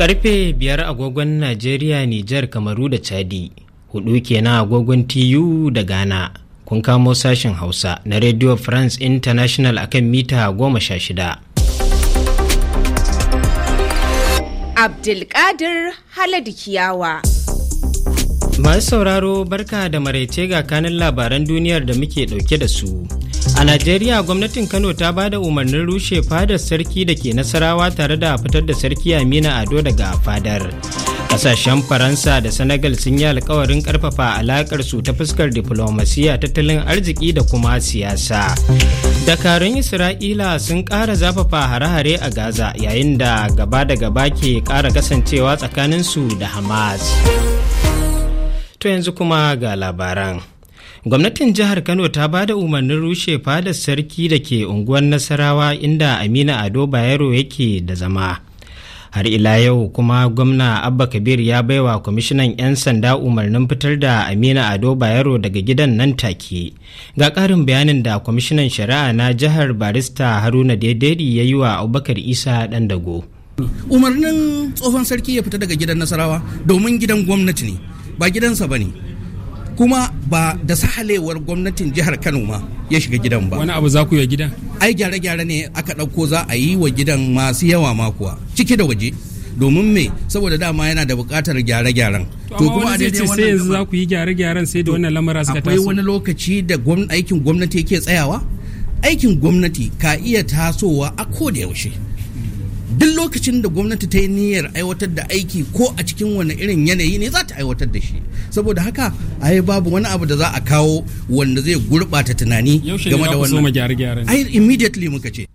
Karfe biyar agogon Najeriya, Nijar, Kamaru da Chadi. Hudu kenan agogon TU da Ghana. Kun kamo sashen Hausa na Radio France International akan mita goma sha shida. Abdulkadir Haladu Kiyawa. Masu sauraro barka da maraice ga kanin labaran duniyar da muke dauke da su. A Najeriya gwamnatin Kano ta ba da umarnin rushe fadar sarki da ke nasarawa tare da fitar da sarki Amina Ado daga fadar. Kasashen Faransa da Senegal sun yi alkawarin karfafa alakar su ta fuskar diplomasiya, tattalin arziki da kuma siyasa. Dakarun Isra'ila sun ƙara zafafa hare-hare a Gaza yayin da gaba da gaba ke ƙara kasancewa tsakaninsu da Hamas. To yanzu kuma ga labaran. gwamnatin jihar kano ta ba da umarnin rushe fadar sarki da ke unguwar nasarawa inda amina ado bayero yake da zama har ila yau kuma gwamna abba kabir ya baiwa kwamishinan 'yan sanda umarnin fitar da amina ado bayero daga gidan nan take ga karin bayanin da kwamishinan shari'a na jihar barista haruna daidari ya yi wa abubakar isa dan dago umarnin tsohon sarki ya fita daga gidan nasarawa domin gidan gwamnati ne ba gidansa ba ne kuma ba da sahalewar gwamnatin jihar kano ma ya shiga gidan ba wani abu za ku yi gidan ai gyare-gyare ne aka ɗauko za a yi wa gidan masu yawa makuwa ciki da waje domin me saboda dama yana da buƙatar gyare-gyaren to kuma a daidai sai yanzu za ku yi gyare-gyaren sai da wannan lamara suka taso akwai wani lokaci da aikin gwamnati yake tsayawa aikin gwamnati ka iya tasowa a ko da yaushe duk lokacin da gwamnati ta yi niyyar aiwatar da aiki ko a cikin wani irin yanayi ne za ta aiwatar da shi saboda haka ai babu wani abu da za a kawo wanda zai gurɓata tunani game da wannan ai immediately muka ce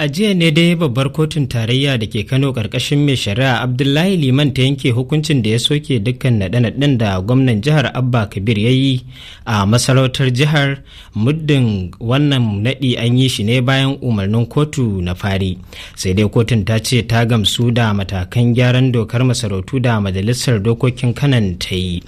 A jiya ne dai babbar kotun tarayya da ke Kano karkashin mai shari'a Abdullahi Liman ta yanke hukuncin da ya soke dukkan naɗe-naɗen da gwamnan jihar Abba Kabir ya yi a masarautar jihar muddin wannan naɗi an yi shi ne bayan umarnin kotu na fari. Sai dai kotun ta ce ta gamsu da matakan gyaran dokar masarautu da majalisar dokokin kanan ta yi.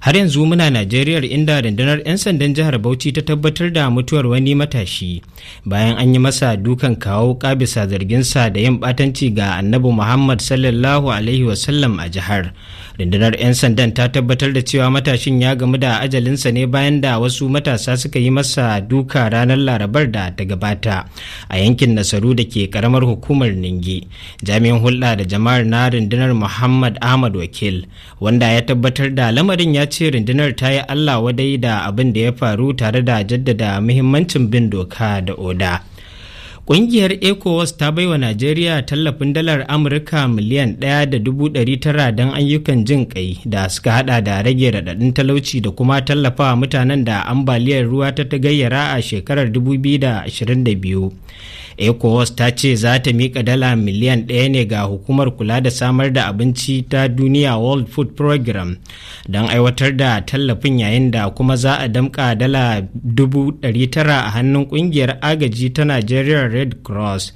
har yanzu muna Najeriya inda rundunar 'yan sandan jihar bauchi ta tabbatar da mutuwar wani matashi bayan an yi masa dukan kawo kabisa zarginsa da yin batanci ga annabi muhammad sallallahu alaihi wasallam a jihar rundunar 'yan sandan ta tabbatar da cewa matashin ya gamu da ajalinsa ne bayan da wasu matasa suka yi masa duka ranar larabar da ta gabata a yankin nasaru da ke karamar hukumar ningi jami'in hulɗa da jama'ar na rundunar muhammad ahmad wakil wanda ya tabbatar da lamarin ya ce rundunar ta yi allah wadai da abin da ya faru tare da jaddada muhimmancin bin doka da oda Ƙungiyar ECOWAS ta baiwa Najeriya tallafin dalar Amurka miliyan ɗaya da dubu tara don ayyukan jin ƙai da suka haɗa da rage raɗaɗin talauci da kuma tallafawa mutanen da ambaliyar ruwa ta gayyara a shekarar 2022. ecowas ta ce za ta miƙa dala miliyan ɗaya ne ga hukumar kula da samar da abinci ta duniya world food program don aiwatar da tallafin yayin da kuma za a damƙa dala dubu ɗari tara a hannun ƙungiyar agaji ta nigeria red cross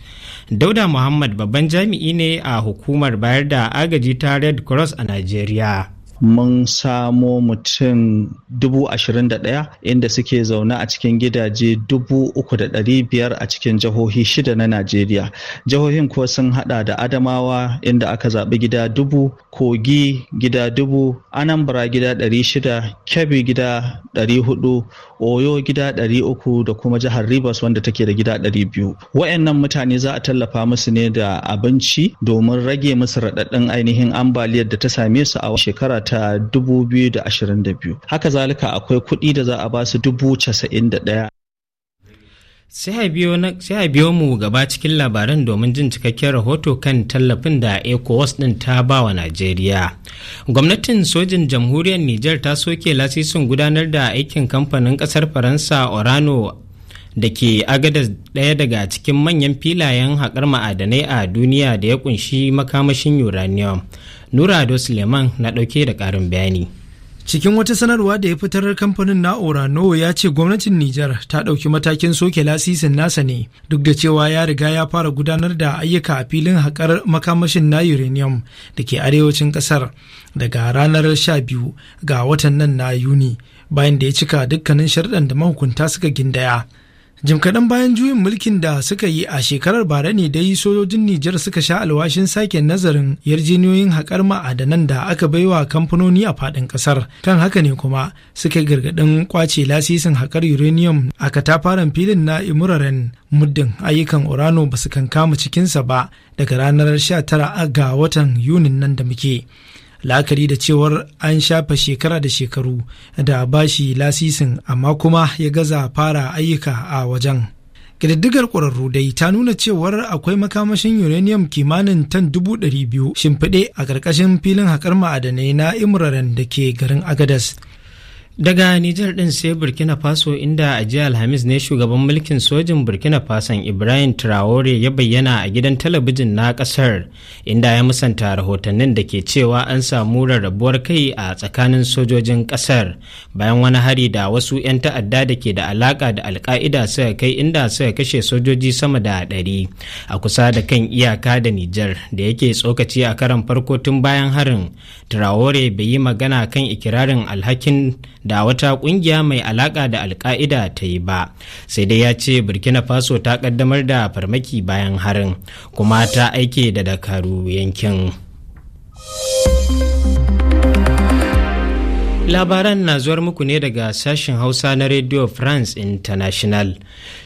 dauda muhammad babban jami'i ne a hukumar bayar da agaji ta red cross a nigeria mun samo mutum dubu ashirin da ɗaya inda suke zaune a cikin gidaje dubu uku da ɗari biyar a cikin jihohi shida na Najeriya. Jihohin kuwa sun haɗa da Adamawa inda aka zaɓi gida dubu, Kogi gida dubu, Anambra gida ɗari shida, Kebbi gida ɗari hudu, Oyo gida ɗari uku da kuma jihar Rivers wanda take da gida ɗari biyu. Wa'yannan mutane za a tallafa musu ne da abinci domin rage musu raɗaɗin ainihin ambaliyar da ta same su a shekara ta ta 2022 haka zalika akwai kuɗi da za a ba su 91 sai a biyo mu gaba cikin labaran domin jin cikakken rahoto kan tallafin da ecowas din ta ba wa najeriya gwamnatin sojin jamhuriyar niger ta soke lasisin gudanar da aikin kamfanin kasar faransa orano da ke agadas daya daga cikin manyan filayen haƙar ma'adanai a duniya da ya kunshi makamashin uranium nura ado suleiman na ɗauke da ƙarin bayani cikin wata sanarwa da ya fitar kamfanin na'ura Nowo ya ce gwamnatin nijar ta ɗauki matakin soke lasisin nasa ne duk da cewa ya riga ya fara gudanar da ayyuka a filin haƙar makamashin na uranium da ke arewacin ƙasar daga ranar 12 ga watan nan na yuni bayan da ya cika dukkanin sharɗan da mahukunta suka gindaya jim kaɗan bayan juyin mulkin da suka yi a shekarar bara ne dai sojojin nijar suka sha alwashin sake nazarin yarjeniyoyin haƙar ma'adanan da aka baiwa kamfanoni a faɗin ƙasar kan haka ne kuma suka gargaɗin kwace lasisin haƙar uranium a katafaren filin na imuraren muddin ayyukan urano ba su kankama cikinsa ba daga ranar 19 ga watan yunin nan da muke la'akari da cewar an shafa shekara da shekaru da bashi lasisin amma kuma ya gaza fara ayyuka a wajen ƙididdigar ƙwararru dai ta nuna cewar akwai makamashin uranium kimanin tan dubu ɗari biyu shimfiɗe a ƙarƙashin filin haƙar ma'adanai na imraren da ke garin agadas Daga Nijar ɗin sai Burkina Faso inda a jiya Alhamis ne shugaban mulkin sojin Burkina Faso Ibrahim Traore ya bayyana a gidan talabijin na ƙasar inda ya musanta rahotannin da ke cewa an samu rarrabuwar kai a tsakanin sojojin ƙasar bayan wani hari da wasu 'yan ta'adda da ke da alaƙa da alka'ida suka kai inda suka kashe sojoji sama da ɗari a kusa da kan iyaka da Nijar da yake tsokaci a karan farko tun bayan harin Traore bai yi magana kan ikirarin alhakin da wata kungiya mai alaka da alka'ida ta yi ba, sai dai ya ce Burkina Faso ta kaddamar da farmaki bayan harin kuma ta aike da dakaru yankin. Labaran na zuwar muku ne daga sashen Hausa na Radio France International.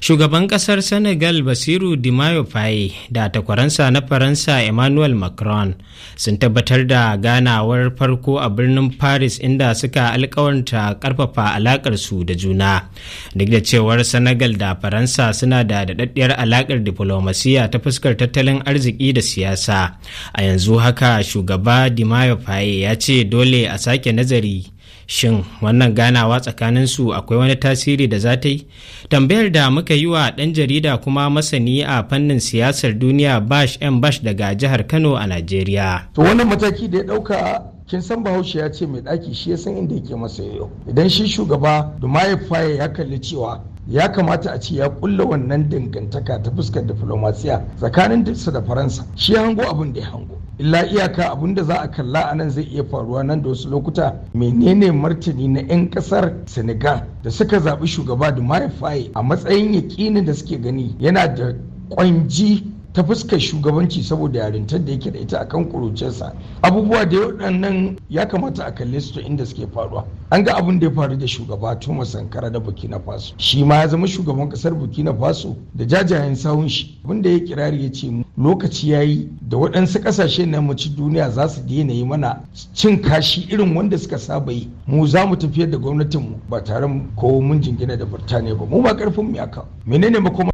Shugaban kasar Senegal Basiru Dimayo Faye da takwaransa na Faransa Emmanuel Macron sun tabbatar da ganawar farko a birnin Paris inda suka alkawarta karfafa alakar su da juna. Duk da cewar Senegal da Faransa suna da daɗaɗɗiyar alakar diplomasiya ta fuskar tattalin arziki da siyasa. A yanzu haka shugaba Dimayo Faye ya ce dole a sake nazari shin wannan ganawa tsakanin su akwai wani tasiri da za ta yi tambayar da muka yi wa ɗan jarida kuma masani a fannin siyasar duniya bash m bash daga jihar kano a najeriya to wannan mataki da ya ɗauka kin san bahaushe ya ce mai ɗaki shi ya san inda yake masa yau idan shi shugaba da Faya" ya kalli cewa ya kamata a ce ya kulla wannan dangantaka ta fuskar diflomasiya tsakanin da faransa shi hango abin da ya hango illa iyaka abin da za a kalla a nan zai iya faruwa nan da wasu lokuta menene martani na 'yan kasar senegal da suka zaɓi shugaba da faye a matsayin yakinin da suke gani yana da ƙwanji ta fuskar shugabanci saboda yarintar da yake da ita akan kurucensa abubuwa da waɗannan ya kamata a kalle su inda suke faruwa an ga abin da ya faru da shugaba tuma sankara da burkina faso shi ma ya zama shugaban kasar burkina faso da jajayen sahun shi abin da ya kirari ya ce lokaci ya yi da waɗansu ƙasashe na mace duniya za su daina yi mana cin kashi irin wanda suka saba yi mu za mu tafiyar da gwamnatinmu ba tare ko mun jingina da burtaniya ba mu ba ƙarfin mu kawo. menene makoma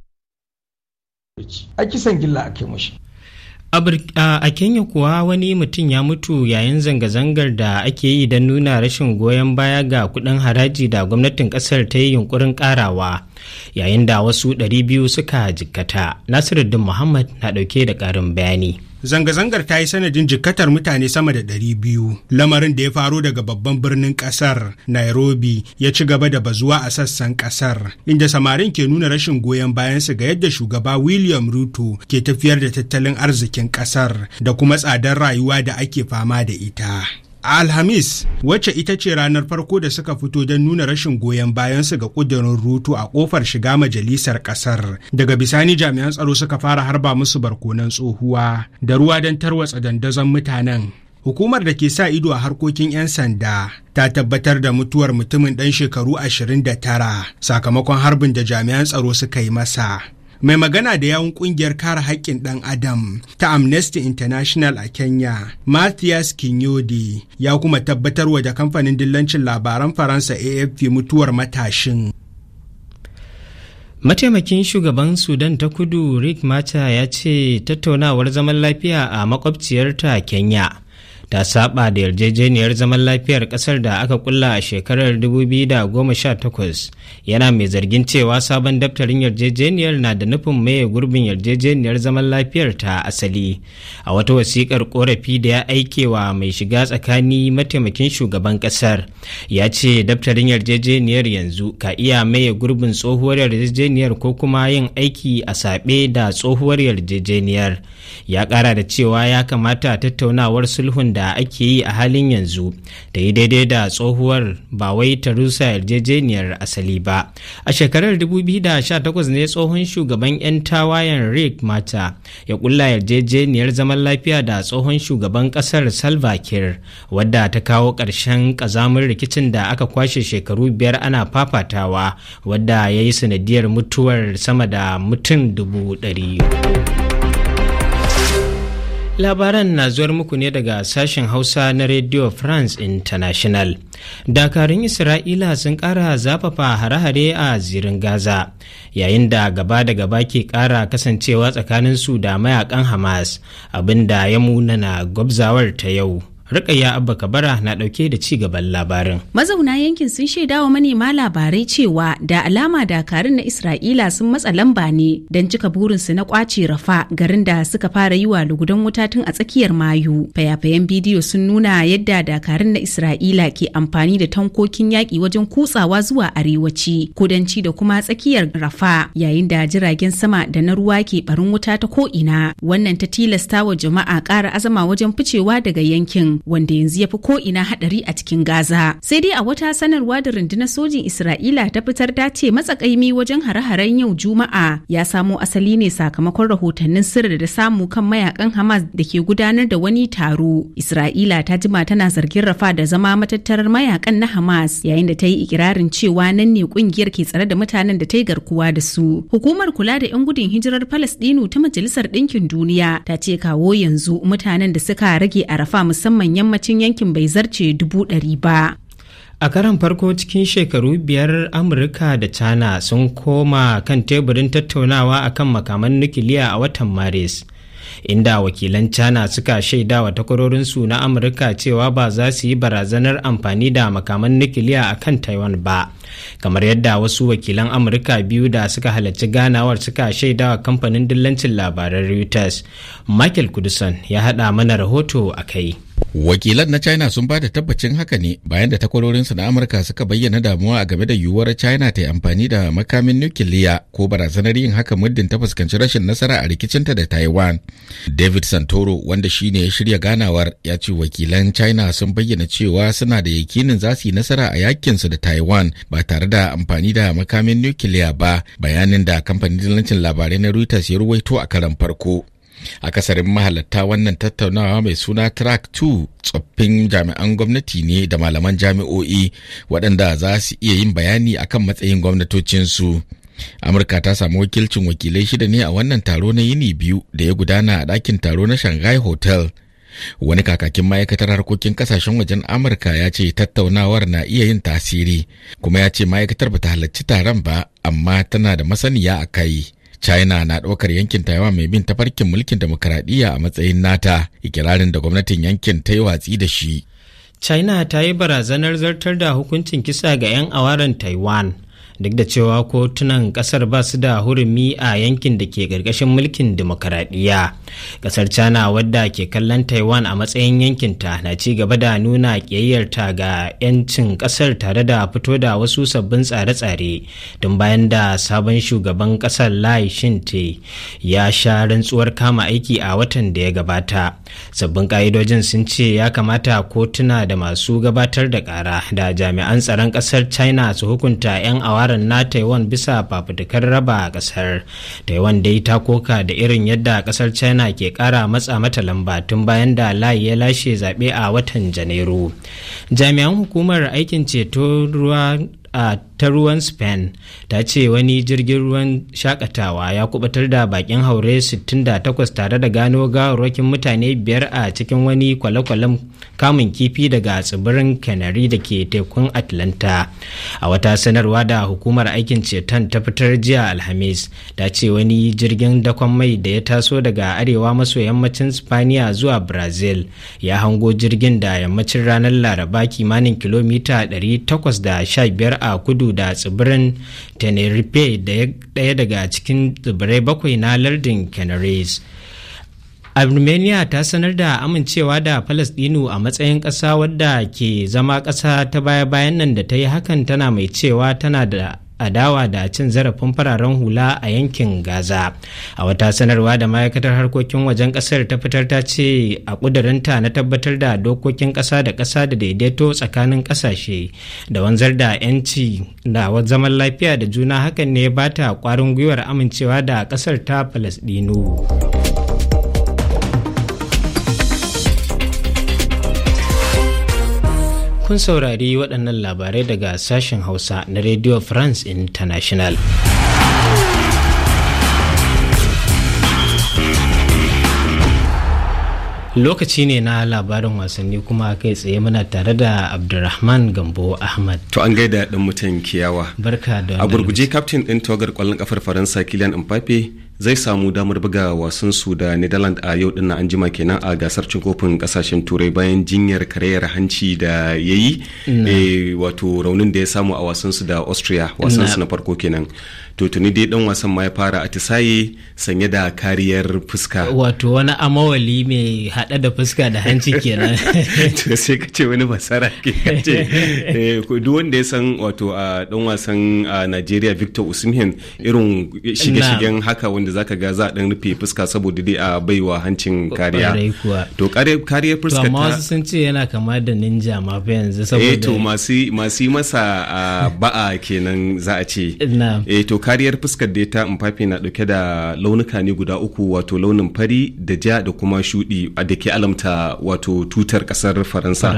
a kisan gilla a kai mashi a kenya kuwa wani mutum ya mutu yayin zanga-zangar da ake yi don nuna rashin goyon baya ga kudin haraji da gwamnatin kasar ta yi yunkurin karawa yayin da wasu 200 suka jikkata nasiruddin muhammad na dauke da karin bayani zanga-zangar ta yi sanadin jikkatar mutane sama da ɗari biyu, lamarin da ya faro daga babban birnin ƙasar, nairobi ya ci gaba da bazuwa a sassan ƙasar, inda samarin ke nuna rashin goyon bayan su ga yadda shugaba william ruto ke tafiyar da tattalin arzikin ƙasar da kuma tsadar rayuwa da ake fama da ita A Alhamis, wacce ita ce ranar farko da suka fito don nuna rashin goyon bayan su ga ƙudurin rutu a ƙofar shiga majalisar ƙasar. Daga bisani jami'an tsaro suka fara harba musu barkonan tsohuwa da ruwa don tarwatsa dandazon mutanen. Hukumar da ke sa ido a harkokin 'yan sanda ta tabbatar da mutuwar mutumin ɗan shekaru 29 sakamakon harbin da jami'an tsaro suka yi masa. mai magana da yawun kungiyar kare haƙƙin ɗan adam ta amnesty international a kenya matthias kinyodi ya kuma tabbatarwa da kamfanin dillancin labaran faransa afp mutuwar matashin mataimakin shugaban sudan ta kudu rick mata ya ce tattaunawar zaman lafiya a makwabciyarta kenya ta saba da yarjejeniyar zaman lafiyar kasar da aka kulla a shekarar 2018 yana mai zargin cewa sabon daftarin yarjejeniyar na da nufin maye gurbin yarjejeniyar zaman lafiyar ta asali a wata wasikar korafi da ya aikewa mai shiga tsakani mataimakin shugaban kasar ya ce daftarin yarjejeniyar yanzu ka iya maye gurbin tsohuwar yarjejeniyar ko kuma yin aiki a saɓe da tsohuwar yarjejeniyar ya ƙara da cewa ya kamata tattaunawar sulhun da da ake yi a halin yanzu da yi daidai da tsohuwar ba wai ta rusa yarjejeniyar asali ba a shekarar 2018 ne tsohon shugaban 'yan tawayen rick mata ya kulla yarjejeniyar zaman lafiya da tsohon shugaban kasar salvakir wadda ta kawo ƙarshen kazamin rikicin da aka kwashe shekaru biyar ana fafatawa wadda ya yi sanadiyar mutuwar sama da mutum dubu ɗari. Labaran na zuwar muku ne daga sashen Hausa na Radio France International. Dakarun Isra'ila sun kara zafafa hare-hare a zirin Gaza, yayin da gaba da gaba ke kara kasancewa tsakanin su da mayakan Hamas, abinda ya munana gwabzawar ta yau. Rukayya Abba Kabara na ɗauke da ci gaban labarin. Mazauna yankin sun shaida wa manema labarai cewa da alama dakarun na Isra'ila sun matsa lamba ne don cika burinsu na kwace rafa garin da suka fara yi wa lugudan wuta tun a tsakiyar Mayu. Fayafayen bidiyo sun nuna yadda dakarun na Isra'ila ke amfani da tankokin yaƙi wajen kutsawa zuwa arewaci, kudanci da kuma tsakiyar rafa yayin da jiragen sama da na ruwa ke barin wuta ta ko'ina. Wannan ta tilasta wa jama'a ƙara azama wajen ficewa daga yankin wanda yanzu ya fi ko'ina haɗari a cikin Gaza. Sai dai a wata sanarwa da rundunar sojin Isra'ila ta fitar ta ce matsakaimi wajen hare-haren yau Juma'a ya samo asali ne sakamakon rahotannin sirri da samu kan mayakan Hamas da ke gudanar da wani taro. Isra'ila ta jima tana zargin Rafa da zama matattarar mayakan na Hamas yayin da ta yi ikirarin cewa nan ne kungiyar ke tsare da mutanen da ta yi garkuwa da su. Hukumar kula da 'yan gudun hijirar Falasɗinu ta Majalisar Ɗinkin Duniya ta ce kawo yanzu mutanen da suka rage a Rafa musamman yammacin yankin bai zarce dubu ɗari ba a karan farko cikin shekaru biyar amurka da china sun koma kan teburin tattaunawa akan makaman nukiliya a watan maris inda wakilan china suka shaida wa takwarorinsu na amurka cewa ba za su yi barazanar amfani da makaman nukiliya a kan taiwan ba kamar yadda wasu wakilan amurka biyu da suka halarci ganawar suka shaidawa kamfanin dillancin labaran reuters michael kudusan ya hada mana rahoto a kai wakilan na china sun ba da tabbacin haka ne bayan da takwarorinsu na amurka suka bayyana damuwa a game da yiwuwar china ta yi amfani da makamin nukiliya ko barazanar yin haka muddin ta fuskanci rashin nasara a rikicinta da taiwan david santoro wanda shine ya shirya ganawar ya ce wakilan china sun bayyana cewa suna da yakinin za su yi nasara a yakinsu da taiwan ba ba tare da amfani da makamin nukiliya ba bayanin da kamfanin dillancin labarai na Reuters ya ruwaito a karan farko. akasarin mahalarta wannan tattaunawa mai suna track 2 tsoffin jami'an gwamnati ne da malaman jami'o'i waɗanda za su iya yin bayani a kan matsayin gwamnatocinsu amurka ta samu wakilcin wakilai shida ne a wannan taro na yini biyu da ya gudana a ɗakin taro na shanghai hotel wani kakakin ma'aikatar harkokin kasashen wajen amurka ya ce tattaunawar na iya yin tasiri kuma ya ce ma'aikatar bata halarci taron ba amma tana da masaniya a kai china na ɗaukar yankin taiwan mai bin tafarkin mulkin demokaradiyya a matsayin nata ikirarin da gwamnatin yankin ta yi watsi da shi china ta yi barazanar zartar da hukuncin kisa ga 'yan awaran taiwan duk da cewa kotunan kasar ba su da hurumi a yankin da ke ƙarƙashin mulkin demokaradiyya kasar china wadda ke kallon taiwan a matsayin yankinta na ci gaba da nuna ƙiyayyarta ga 'yancin kasar tare da fito da wasu sabbin tsare-tsare tun bayan da sabon shugaban kasar lai shinte ya sha rantsuwar kama aiki a watan da ya gabata sabbin ƙa'idojin sun ce ya kamata kotuna da masu gabatar da ƙara da jami'an tsaron kasar china su hukunta 'yan awara tsarin na taiwan bisa fafutukar raba a kasar taiwan dai ta koka da irin yadda kasar china ke kara matsa mata lamba tun bayan da layi ya lashe zaɓe a watan janairu jami'an hukumar aikin ceto ruwa a ta ruwan spain ta ce wani jirgin ruwan shakatawa ya kubatar da bakin haure 68 tare da gano gawarwakin mutane biyar a cikin wani kwale-kwalen kamun kifi daga tsibirin canary da ke tekun atlanta a wata sanarwa da hukumar aikin ceton ta fitar jiya alhamis ta ce wani jirgin dakon mai da ya taso daga arewa maso yammacin spaniya zuwa brazil ya hango jirgin da yammacin ranar laraba kimanin kilomita da 815 a kudu da tsibirin tenerife daya daga cikin tsibirai bakwai na lardin canaries armenia ta sanar da amincewa da palestinu a matsayin ƙasa wadda ke zama ƙasa ta baya-bayan nan da ta yi hakan tana mai cewa tana da adawa da cin zarafin fararen hula a yankin gaza a wata sanarwa da ma'aikatar harkokin wajen kasar ta fitar ta ce a kudurinta na tabbatar da dokokin kasa da kasa da daidaito tsakanin kasashe da wanzar da 'yanci da zaman lafiya da juna hakan ne ba ta kwarin gwiwar amincewa da kasar ta falasdinu kun saurari waɗannan labarai daga sashen Hausa na Radio France International. lokaci ne na labarin wasanni kuma kai tsaye muna tare da abdulrahman gambo ahmad to an gaida ɗan mutum kiyawa barka da a gurguje kaftin ɗin togar ƙwallon ƙafar faransa kilian mbappe zai samu damar buga wasan su da netherlands a yau dinnan an jima kenan a gasar cin kofin kasashen turai bayan jinyar karayar hanci da ya yi eh, wato raunin da ya samu a wasan su da austria wasan su na farko kenan to tuni dai dan wasan ma ya fara atisaye sanye da kariyar fuska wato wani amawali mai hada da fuska da hanci kenan to sai ka ce wani basara ke kace eh, duk wanda ya san wato a dan wasan Nigeria Victor Osimhen irin shige-shigen haka wanda zaka ga za a dan rufe fuska saboda dai a baiwa hancin kariya to kariyar fuska ta amma wasu sun ce yana kama da ninja ma fa yanzu saboda eh to masu masu masa ba'a kenan za a ce eh to kariyar fuskar da data mfafi na dauke da launuka ne guda uku wato launin fari da ja da kuma shudi da ke alamta wato tutar kasar faransa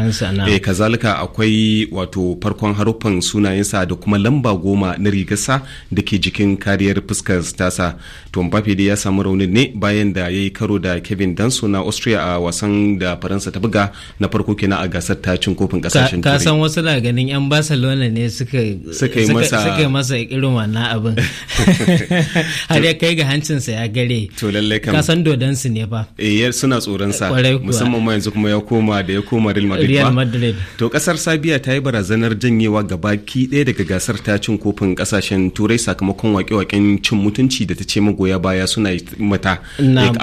eh kazalika akwai wato farkon haruffan sunayensa da kuma lamba goma na rigarsa da ke jikin kariyar fuskar tasa to mfafi dai ya samu raunin ne bayan da ya yi karo da kevin danso na austria a wasan da faransa ta buga na farko kenan a gasar ta cin kofin kasashen turai ka san wasu daga ganin yan barcelona ne suka suka yi masa irin wannan abin har ya kai ga hancinsa ya gare to lalle kan kasan ne fa eh suna tsoron sa musamman ma yanzu kuma ya koma da ya koma Real Madrid Real Madrid to kasar Sabiya ta yi barazanar janyewa gabaki ɗaya daga gasar ta cin kofin kasashen Turai sakamakon waƙe waken cin mutunci da ta ce magoya baya suna mata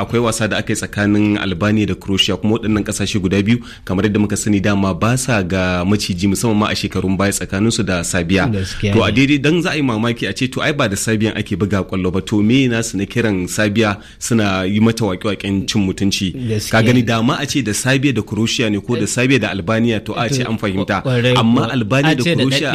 akwai wasa da aka yi tsakanin Albania da Croatia kuma waɗannan kasashe guda biyu kamar yadda muka sani dama ba sa ga maciji musamman ma a shekarun baya tsakaninsu da Sabiya to a daidai dan za a yi mamaki a ce to ai ba da sabiya ake buga kwallo ba to me na su na kiran sabiya suna yi mata waƙe-waƙen cin mutunci ka gani da ma a ce da sabiya da croatia ne ko da eh. sabiya da albania to a ce an fahimta amma albania da croatia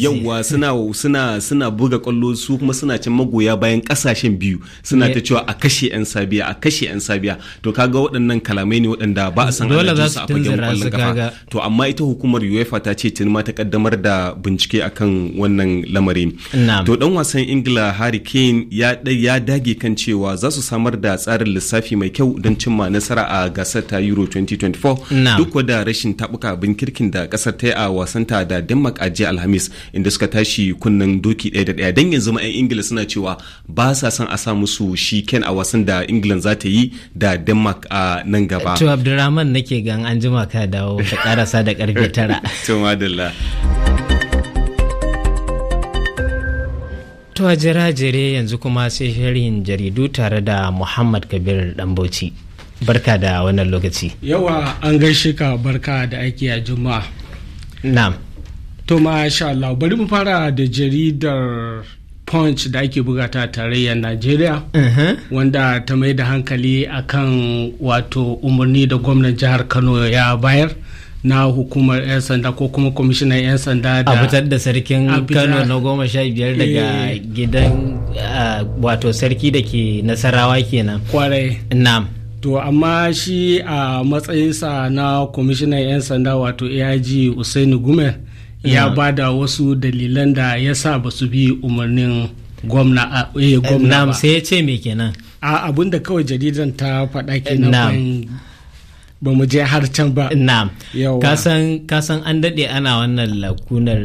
yawwa suna suna suna buga kwallo su kuma suna cin magoya bayan kasashen biyu suna ta eh. cewa a kashe yan sabiya a kashe yan sabiya to kaga waɗannan kalamai ne waɗanda ba a san su a fagen kwallon kafa to amma ita hukumar uefa ta ce tun ma ta kaddamar da bincike akan wannan lamarin to dan wasan ingila harry kane ya dage kan cewa za su samar da tsarin lissafi mai kyau don cimma nasara a gasar ta euro 2024 duk da rashin tabuka bin kirkin da kasar ta yi a wasanta da denmark a jiya alhamis inda suka tashi kunnen doki daya da ɗaya don yanzu ma 'yan ingila suna cewa ba sa son a sa musu shi ken a wasan da england za ta yi da denmark a nan gaba to abdurrahman nake gan an jima ka dawo ka karasa da karfe tara to madalla To a jira jere yanzu kuma sai shirin jaridu tare da Muhammad Kabir bauchi Barka da wannan lokaci. Yawa an gaishe ka barka da aiki a Juma'a. Na'am. To masha Allah bari mu fara da jaridar punch da ake bugata tarayyar najeriya wanda ta mai da hankali akan wato umarni da gwamnan jihar kano ya bayar na hukumar 'yan sanda ko kuma kwamishinan 'yan sanda da a fitar da sarkin kano na goma sha biyar daga eh. gidan wato sarki da ke nasarawa kenan kwarai na'am to amma shi a matsayinsa na kwamishinan 'yan sanda wato aig usaini gumel ya ba da wasu dalilan da ya sa ba su bi umarnin gwamna eh, ba sai ya ce me kenan a abinda kawai jaridan ta faɗa kenan ba mu je har can ba. Na'am. Kasan an daɗe ana wannan lakunar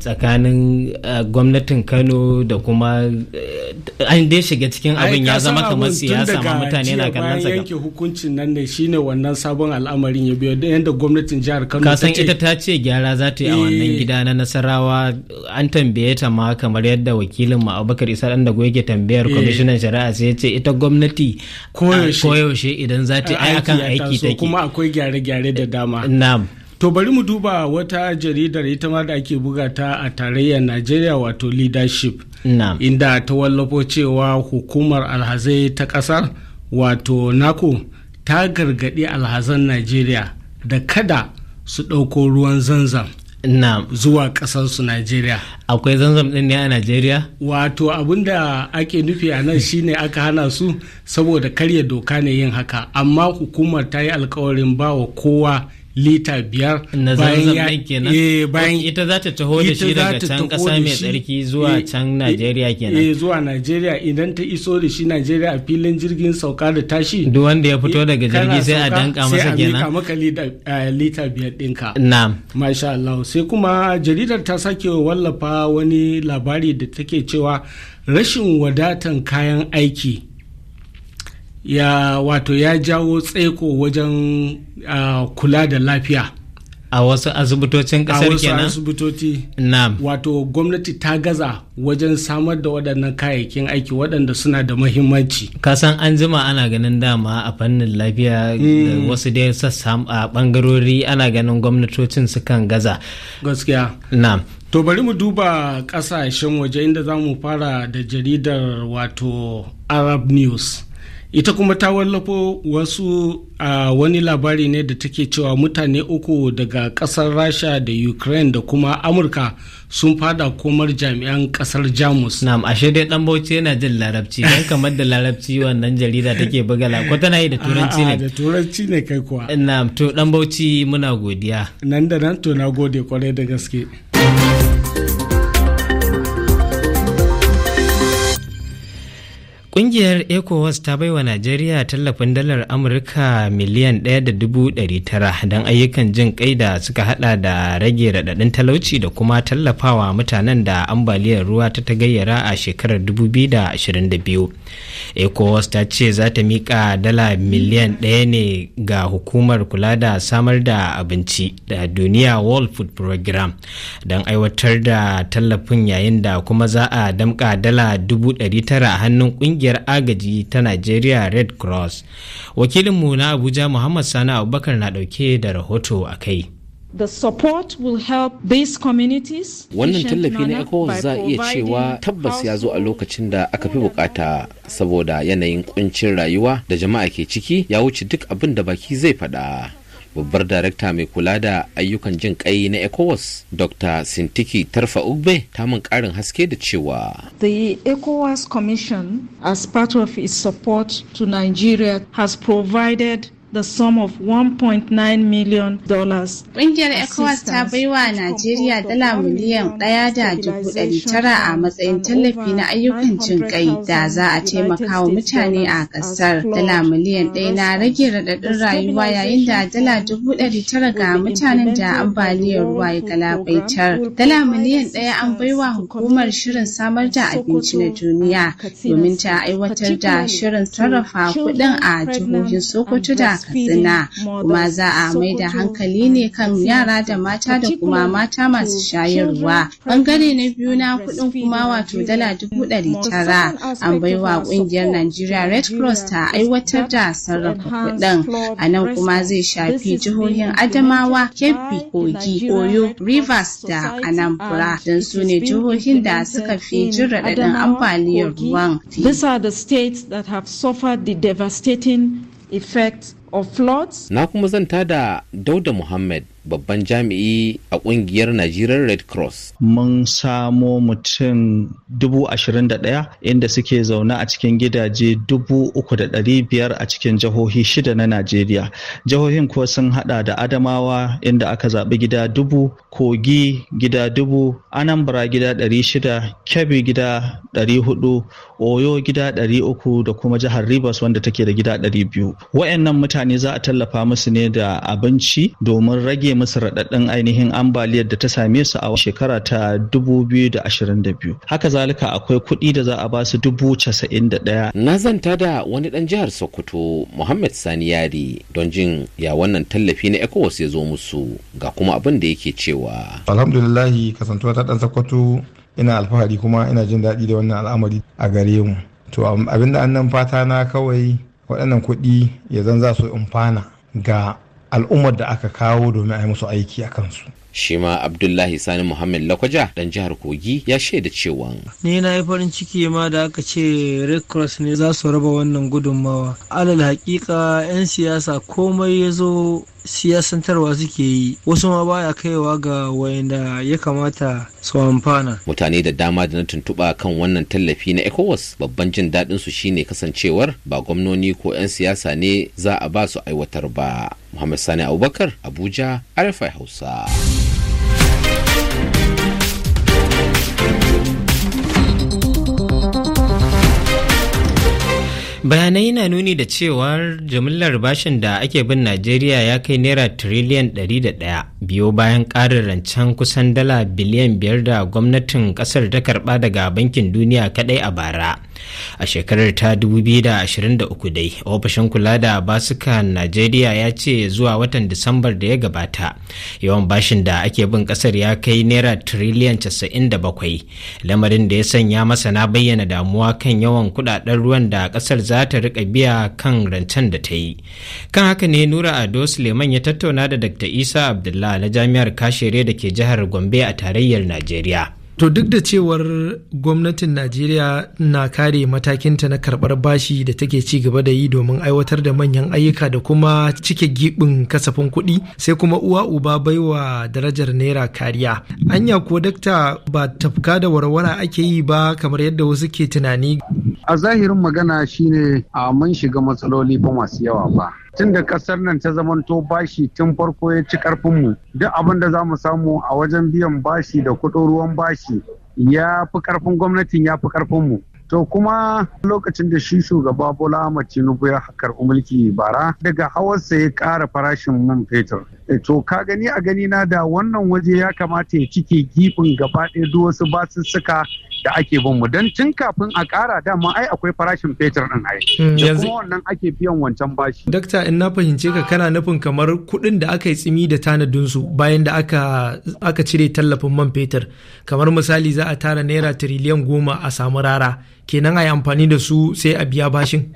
tsakanin gwamnatin Kano da kuma eh, an dai shiga cikin abin ya zama kamar siyasa ma mutane na kan sa. yanke hukuncin nan ne shine wannan sabon al'amarin ya biyo yadda gwamnatin jihar Kano ta ce. Kasan ita ta ce gyara za ta yi a eh. wannan gida na Nasarawa an tambaye ta ma kamar yadda wakilin mu Abubakar Isa dan da goge tambayar eh. kwamishinan shari'a sai ya ce ita gwamnati koyaushe idan za ta yi akan aiki take. kuma akwai gyare-gyare da dama na'am to bari mu duba wata jaridar ita ma da ake buga ta a tarayyar najeriya wato leadership na'am inda ta wallafo cewa hukumar alhazai ta kasar wato nako ta gargaɗi alhazan najeriya da kada su ɗauko ruwan zanzan na zuwa ƙasarsu Najeriya. Akwai zanzam ɗin ne a Najeriya? Wato abin da ake nufi a nan shine aka hana su saboda karya doka ne yin haka, amma hukumar ta yi alkawarin ba wa kowa lita biyar bayan eh, ita za ta taho da shi daga can kasa mai tsarki zuwa eh, can eh, najeriya kenan eh zuwa najeriya idan ta iso da shi najeriya a filin jirgin sauka da tashi duk wanda ya fito daga jirgi sai a danka masa kenan sai a maka lita biyar dinka na'am masha Allah sai kuma jaridar ta sake wallafa wani labari da take cewa rashin wadatan kayan aiki ya wato ya jawo tsaiko wajen kula da lafiya a wasu asibitocin kasar kenan a wasu asibitoci wato gwamnati ta gaza wajen samar da waɗannan kayayyakin aiki waɗanda suna da muhimmanci. kasan an jima ana ganin dama a fannin lafiya da mm. wasu dai sassa a ɓangarori ana ganin gwamnatocin su kan gaza gaskiya na'am to bari mu duba ƙasashen waje inda za mu fara da jaridar wato arab news ita kuma ta wallafo wasu a uh, wani labari ne da take cewa mutane uku daga kasar rasha da ukraine da kuma amurka sun fada komar jami'an kasar jamus na'am ashe dai dan bauchi yana jin larabci dan kamar da larabci wannan jarida take bugala ko tana yi da turanci ne da turanci ne kai kuwa na'am to dan bauchi muna godiya nan da nan to na gode kwarai da gaske Ƙungiyar ECOWAS ta baiwa Najeriya tallafin dalar Amurka miliyan 1.900 don ayyukan jin kai da suka hada da rage raɗaɗin talauci da kuma tallafawa mutanen da ambaliyar ruwa ta tagayyara a shekarar 2022. ECOWAS ta ce za ta miƙa dala miliyan ɗaya ne ga hukumar kula da samar da abinci da duniya World Food Program don aiwatar da tallafin yayin da kuma za a damƙa dala 1,900 hannun ƙungiyar ƙungiyar agaji ta Najeriya Red Cross. Wakilinmu na Abuja Muhammad Sani Abubakar na ɗauke da rahoto a kai. The support will help these communities. Wannan tallafi na ECOWAS za a iya cewa tabbas ya zo a lokacin da aka fi bukata saboda yanayin kuncin rayuwa da jama'a ke ciki ya wuce duk abin da baki zai faɗa. babbar darakta mai kula da ayyukan jin kai na ecowas dr sintiki tarfa ugbe ta mun karin haske da cewa the ecowas commission as part of its support to nigeria has provided the sum of 1.9 million dollars. Ƙungiyar ECOWAS ta bai wa Najeriya dala miliyan ɗaya da dubu ɗari tara a matsayin tallafi na ayyukan jin ƙai da za a taimaka wa mutane a ƙasar. Dala miliyan ɗaya na rage raɗaɗin rayuwa yayin da dala dubu ɗari tara ga mutanen da ambaliyar ruwa ya galabaitar. Dala miliyan ɗaya an bai wa hukumar shirin samar da abinci na duniya domin ta aiwatar da shirin sarrafa kuɗin a jihohin Sokoto da Katsina kuma za a mai da hankali ne kan yara da mata da kuma mata masu shayarwa. Bangare na biyu na kuɗin kuma wato dala dubu ɗari tara an baiwa ƙungiyar Najeriya Red Cross ta aiwatar da sarrafa kuɗin. A nan kuma zai shafi jihohin Adamawa, Kebbi, Kogi, Oyo, Rivers da Anambra don su ne jihohin da suka fi jin raɗaɗin ambaliyar ruwan. These are the states that have suffered the devastating effects of floods. Na kuma zanta da Dauda Muhammad babban jami'i a kungiyar Najeriya Red Cross. Mun samo mutum dubu ashirin da ɗaya inda suke zaune a cikin gidaje dubu uku da ɗari biyar a cikin jihohi shida na Najeriya. Jihohin kuwa sun haɗa da Adamawa inda aka zaɓi gida dubu, Kogi gida dubu, Anambra gida ɗari shida, Kebbi gida ɗari hudu, Oyo gida ɗari uku da kuma jihar Rivers wanda take da gida ɗari biyu. Wa'annan mutane za a tallafa musu ne da abinci domin rage musu raɗaɗin ainihin ambaliyar da ta same su a shekara ta 2022 haka zalika akwai kuɗi da za a ba su dubu casa'in da ɗaya. na zanta da wani ɗan jihar sokoto muhammad sani yari don jin ya wannan tallafi na ecowas ya zo musu ga kuma abin da yake cewa alhamdulillahi kasantuwa ta ɗan sokoto ina alfahari kuma ina jin daɗi da wannan al'amari a gare mu to abinda annan fata na kawai waɗannan kuɗi ya zan za su amfana ga al'ummar da aka kawo domin a yi musu aiki a kansu shi ma abdullahi sani muhammad lakwaja dan jihar kogi ya shaida cewa ni na yi farin ciki ma da aka ce red cross ne za su raba wannan gudunmawa alal hakika 'yan siyasa komai ya zo siyasantarwa suke yi wasu ma baya kaiwa ga wayanda ya kamata su amfana. Mutane da dama da na tuntuɓa kan wannan tallafi na ECOWAS babban jin daɗin su shine kasancewar ba gwamnoni ko 'yan siyasa ne za a ba su aiwatar ba. Muhammad Sani Abubakar Abuja, Arifai Hausa. bayanai yana nuni da cewar jimillar bashin da ake bin najeriya ya kai naira tiriliyan 101 biyo bayan karin rancen kusan dala biliyan biyar da gwamnatin ƙasar ta karɓa daga bankin duniya kaɗai a bara a shekarar ta 2023 dai ofishin kula da basuka najeriya ya ce zuwa watan disambar da ya gabata yawan bashin da ake bin kasar ya kai naira tiriliyan 97 lamarin da ya sanya masana bayyana damuwa kan yawan kudaden ruwan da kasar za ta rika biya kan rancen da ta yi kan haka ne nura ado suleiman ya tattauna da dr isa abdullah na jami'ar kashere da ke jihar gombe a tarayyar najeriya To duk da cewar gwamnatin Najeriya na kare matakinta na karɓar bashi da take ci gaba da yi domin aiwatar da manyan ayyuka da kuma cike giɓin kasafin kuɗi sai kuma uwa uba baiwa darajar naira kariya. Anya ko dakta ba tafka da warwara ake yi ba kamar yadda wasu ke tunani. A zahirin magana shine a mun shiga matsaloli ba masu yawa ba. tun da kasar nan ta zamanto bashi tun farko ya ci karfinmu duk abin da za mu samu a wajen biyan bashi da kudin ruwan bashi ya fi karfin gwamnatin ya fi karfinmu to kuma lokacin da shi shugaba bola ahmad tinubu ya hakar mulki bara daga hawarsa ya ƙara farashin man fetur e, to ka gani a gani na da wannan waje ya kamata ya cike gifin gaba ɗaya duk wasu basussuka da ake bin mu don tun kafin a ƙara dama ai akwai farashin fetur din ai hmm, da kuma wannan ake biyan wancan bashi. Dakta in na fahimce ka kana nufin kamar kuɗin da aka yi tsimi da tanadin su bayan da aka aka cire tallafin man fetur kamar misali za a tara naira tiriliyan goma a samu rara kenan a amfani da su sai a biya bashin.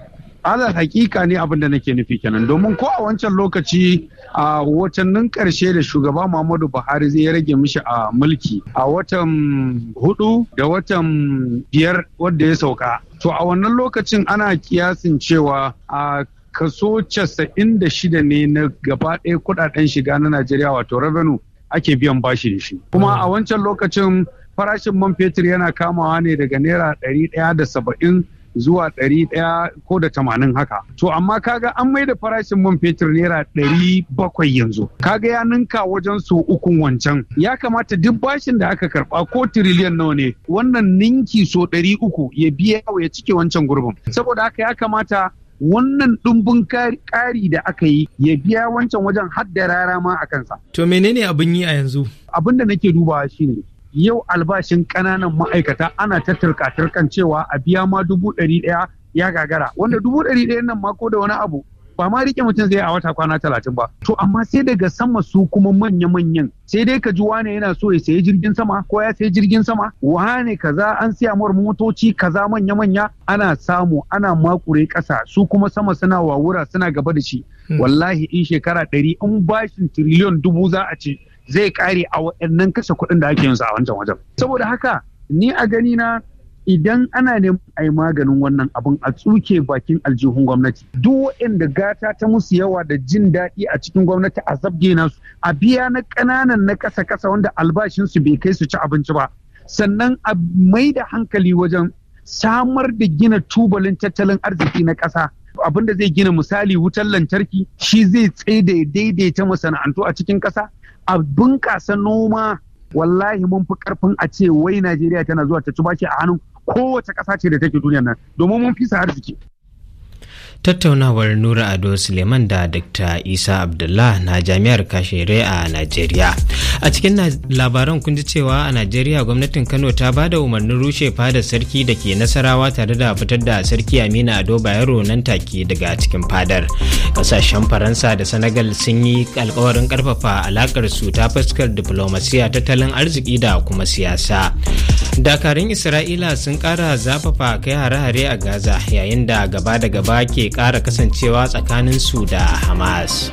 Alal hakika ne abin da nake nufi kenan domin ko a wancan lokaci a watannin karshe da shugaba muhammadu buhari zai rage mishi a mulki a watan hudu da watan biyar wadda ya sauka to a wannan lokacin ana kiyasin cewa a kaso 96 ne na gaba ɗaya kudaden shiga na najeriya wato revenue ake biyan bashi da shi kuma a wancan lokacin farashin man fetur yana kamawa ne daga naira da saba'in. zuwa ɗari ɗaya ko da tamanin haka to amma kaga an mai da farashin man fetur naira ɗari bakwai yanzu kaga ya ninka wajen su ukun wancan ya kamata duk bashin da aka karba ko tiriliyan nawa ne wannan ninki so ɗari uku ya biya ya cike wancan gurbin saboda haka ya kamata wannan ɗumbin ƙari da aka yi ya biya wancan wajen da rara ma a kansa. To menene abin yi a yanzu? Abin da nake dubawa shine yau albashin ƙananan ma'aikata ana ta turka cewa a biya ma dubu ɗari ɗaya ya gagara wanda dubu ɗari ɗaya nan ma ko da wani abu ba ma rike mutum zai a wata kwana talatin ba to amma sai daga sama su kuma manya-manyan sai dai ka ji wane yana so ya sayi jirgin sama ko ya sayi jirgin sama wane kaza an siya mar motoci kaza manya-manya ana samu ana makure ƙasa su kuma sama suna wawura suna gaba da shi hmm. wallahi in shekara ɗari in bashin tiriliyon dubu za a ce zai kare a waɗannan kashe kuɗin da ake yinsu a wancan wajen saboda haka ni a gani na idan ana neman a yi maganin wannan abin a tsuke bakin aljihun gwamnati duk waɗanda gata ta musu yawa da jin daɗi a cikin gwamnati a zabge nasu a biya na ƙananan na ƙasa ƙasa wanda albashinsu bai kai su ci abinci ba sannan a mai da hankali wajen samar da gina tubalin tattalin arziki na ƙasa abin da zai gina misali wutar lantarki shi zai tsaye da daidaita masana'antu a cikin ƙasa a bunƙasa noma wallahi mun fi karfin a ce wai Najeriya tana zuwa ta ci bashi a hannun kowace ƙasa ce da take duniya nan domin mun fi arziki. Tattaunawar Nura Ado Suleiman da Dr. Isa Abdullah na Jami'ar Kashere a Najeriya. a cikin labaran kun ji cewa a najeriya gwamnatin kano ta ba da umarnin rushe fadar sarki da ke nasarawa tare da fitar da sarki amina ado bayero nan take daga cikin fadar kasashen faransa da senegal sun yi alƙawarin karfafa alakar su ta fuskar diplomasiya tattalin arziki da kuma siyasa dakarun isra'ila sun kara zafafa kai hare-hare a gaza yayin da gaba da gaba ke kara kasancewa tsakanin su da hamas